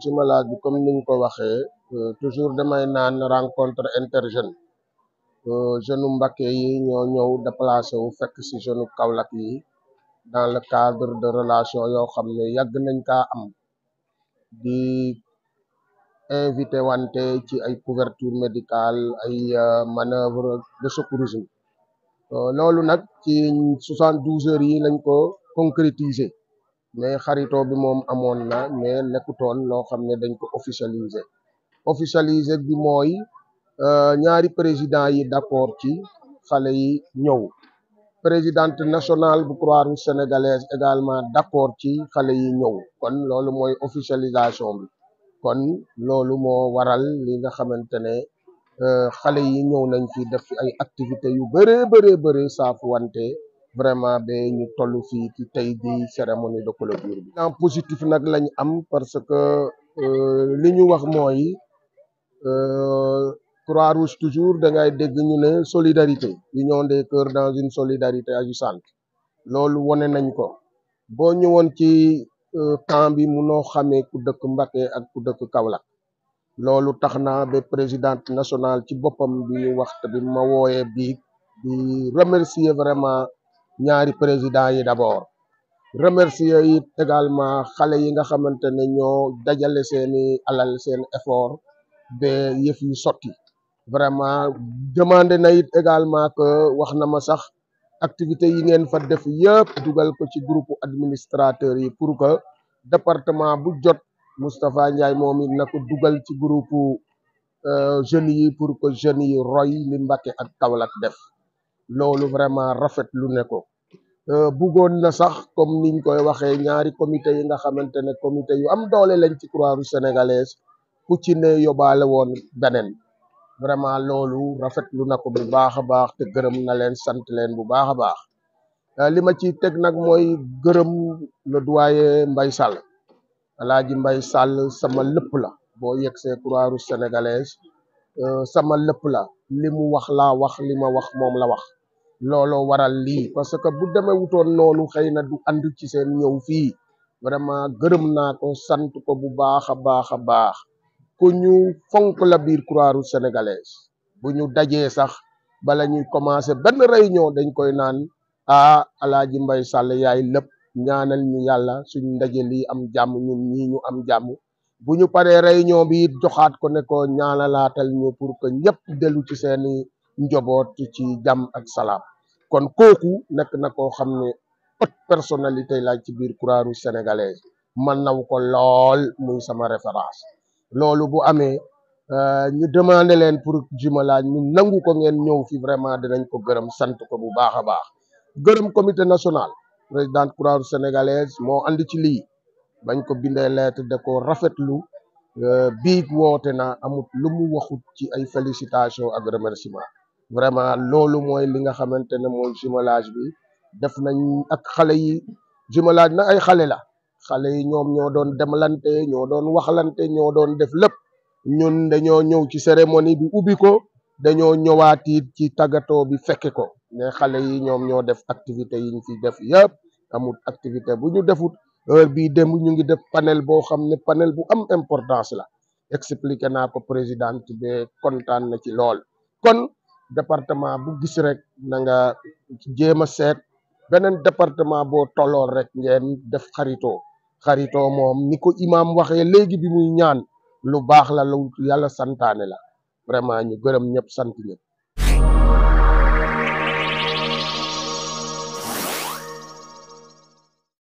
ci malade bi comme niñ ko waxee euh, toujours damay naan rencontre interjeune euh, jeune Mbacké yi ñoo ñëw déplacé wu fekk ci jeune Kaolack yi dans le cadre de relation yoo xam ne yàgg nañ kaa am di invité wante ci ay couverture médicale ay euh, manœuvre de secourisme loolu nag ci soixante douze heures yi lañ ko concrétiser mais xarito bi moom amoon na mais nekkutoon loo xam ne dañ ko officialiser officialiser bi mooy euh, ñaari président yi d'accord ci xale yi ñëw présidente nationale bu Croix-Rouge sénégalaise également d'accord ci xale yi ñëw kon loolu mooy officialisation bi kon loolu moo waral li nga xamante ne euh, xale yi ñëw nañ fi def ay activités yu bëree bëree bëri saafu wante vraiment ba ñu toll fii ci tey di cérémonie de clôture bi. en positif nag lañ am parce que euh, li ñu wax mooy euh, Croix-Rouge toujours da ngay dégg ñu ne solidarité union des cœurs dans une solidarité agissante loolu wane nañ ko boo ñëwoon ci temps euh, bi noo xamee ku dëkk Mbacké ak ku dëkk Kaolack loolu tax na ba présidente nationale ci boppam bi ñu wax te bi ma wooyee bii di remercier vraiment. ñaari président yi d'abord remercier it également xale yi nga xamante ne ñoo dajale seeni alal seen effort ba yëf yi sotti vraiment demandé na it également que wax na ma sax activité yi ngeen fa def yëpp dugal ko ci groupe administrateur yi pour que département bu jot Moustapha Ndiaye moom it na ko dugal ci groupe euh, jeunes yi pour que jeunes yi roy li Mbacké ak Kaolack def loolu vraiment rafet lu ne ko euh, buggoon na sax comme niñ koy waxee ñaari comité yi nga xamante ne comité yu am doole lañ ci Croix-Rouge sénégalaise ku ci ne yóbbaale woon beneen vraiment loolu rafet lu na ko bu baax a baax te gërëm na leen sant leen bu baax a baax euh, li ma ci teg nag mooy gërëm le mbay Mbaye Sall Alaaji mbay Sall sama lëpp la boo yegsee Croix-Rouge sénégalaise euh, sama lëpp la li mu wax laa wax li ma wax moom la wax looloo waral lii parce que bu demee wutoon noonu xëy na du ànd ci seen ñëw fii vraiment gërëm naa ko sant ko bu baax a baax a baax ku ñu fonk la biir Croix-Rouge bu ñu dajee sax bala ñuy commencé benn réunion dañ koy naan ah Alaaji Mbay Sàll yaay lépp ñaanal ñu yàlla suñ ndaje lii am jàmm ñun ñii ñu am jàmm bu ñu paree réunion bi joxaat ko ne ko ñaanalaatal ñu pour que ñëpp dellu ci seeni njaboot ci jàmm ak salaam kon kooku nekk na ko xam ne haute personnalité laaj ci biir Croix-Rouge sénégalaise man naw ko lool muy sama référence loolu bu amee euh, ñu demandé leen pour jumalaaj ñu nangu ko ngeen ñëw fi vraiment dinañ ko gërëm sant ko bu baax a baax gërëm comité national président Croix-Rouge sénégalaise moo andi ci lii bañ ko bindee lettre da ko rafetlu euh, biig woote na amut lu mu waxut ci ay félicitation ak remerciement vraiment loolu mooy li nga xamante ne mooy jumelage bi def nañ ak xale yi jumelage na ay xale la xale yi ñoom ñoo doon demlante ñoo doon waxlante ñoo doon def lépp ñun dañoo ñëw ci cérémonie bi ubbi ko dañoo ñëwaat it ci tàggatoo bi fekke ko mais xale yi ñoom ñoo def activité yi ñu fi def yëpp amul activité bu ñu defut heure bii dem ñu ngi def panel boo xam ne panel bu am importance la expliqué naa ko présidente bi kontaan na ci lool kon département bu gis rek na nga jéem a seet beneen département boo tollool rek ngeen def xaritoo xaritoo moom ni ko imaam waxee léegi bi muy ñaan lu baax la lu yàlla santaane la vraiment ñu gërëm ñëpp sant ñëpp